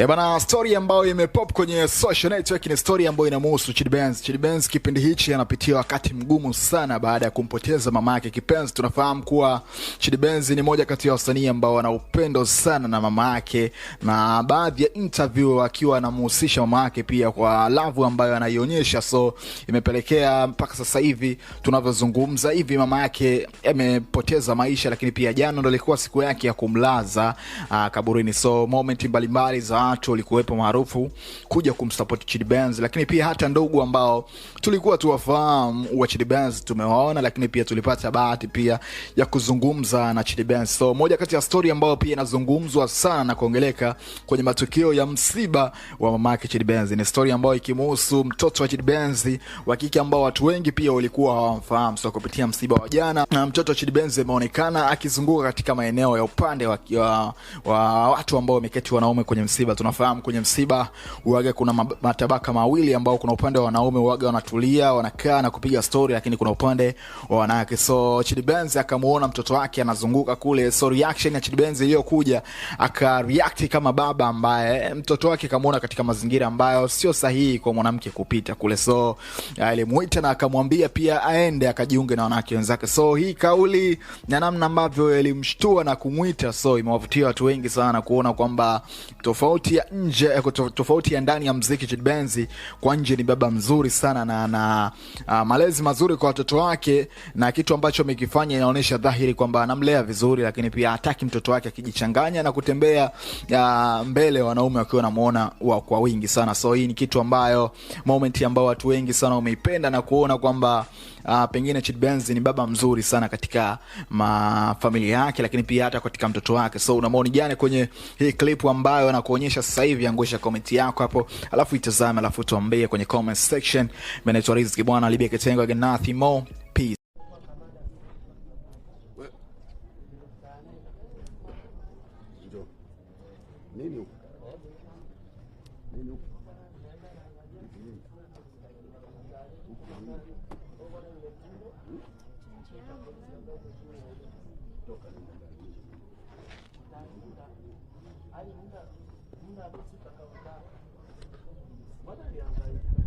E bana, story ambayo imepop kwenye social network ni story ambayo inamhusu Chidi Benz. Chidi Benz kipindi hichi anapitia wakati mgumu sana baada ya kumpoteza mama yake kipenzi. Tunafahamu kuwa Chidi Benz ni moja kati ya wasanii ambao wana upendo sana na mama yake, na baadhi ya interview akiwa anamhusisha mama yake pia kwa love ambayo anaionyesha, so imepelekea mpaka sasa hivi tunavyozungumza hivi mama yake amepoteza maisha, lakini pia jana ndo ilikuwa siku yake ya kumlaza ah, kaburini, so moment mbalimbali za watu walikuwepo maarufu kuja kumsupport Chidi Benz, lakini pia hata ndugu ambao tulikuwa tuwafahamu wa Chidi Benz tumewaona, lakini pia tulipata bahati pia ya kuzungumza na Chidi Benz. So moja kati ya story ambayo pia inazungumzwa sana na kuongeleka kwenye matukio ya msiba wa mama yake Chidi Benz ni story ambayo ikimhusu mtoto wa Chidi Benz wa kike ambao watu wengi pia walikuwa hawamfahamu. So kupitia msiba wa jana, na mtoto wa Chidi Benz ameonekana akizunguka katika maeneo ya upande wa, wa, wa watu ambao wameketi wanaume kwenye msiba tunafahamu kwenye msiba uwaga kuna matabaka mawili ambao kuna upande wa wanaume uwaga wanatulia wanakaa na kupiga stori, lakini kuna upande wa wanawake. So Chidi Benz akamuona mtoto wake anazunguka kule, so reaction ya Chidi Benz iliyokuja akareact kama baba ambaye mtoto wake kamuona katika mazingira ambayo sio sahihi kwa mwanamke kupita kule, so alimuita na akamwambia pia aende akajiunge na wanawake wenzake. So hii kauli na namna ambavyo ilimshtua na kumwita, so imewavutia watu wengi sana kuona kwamba tofauti tofauti ya nje, eh, tofauti ya ndani ya mziki. Chid kwa nje ni baba mzuri sana na na uh, malezi mazuri kwa watoto wake, na kitu ambacho amekifanya inaonyesha dhahiri kwamba anamlea vizuri, lakini pia hataki mtoto wake akijichanganya na kutembea uh, mbele wanaume wakiwa namuona wa kwa wingi sana. So hii ni kitu ambayo moment ambayo watu wengi sana wameipenda na kuona kwamba Uh, pengine Chid ni baba mzuri sana katika mafamilia yake, lakini pia hata katika mtoto wake. So una maoni gani kwenye hii clip ambayo anakuonyesha kuangusha sasa hivi, angusha komenti yako hapo, alafu itazame, alafu tuambie kwenye comment section. Mimi naitwa Rizki bwana Libia Kitengo Ganathi Mo. Peace. Bunlar da çıkacak. Bana bir anlayın.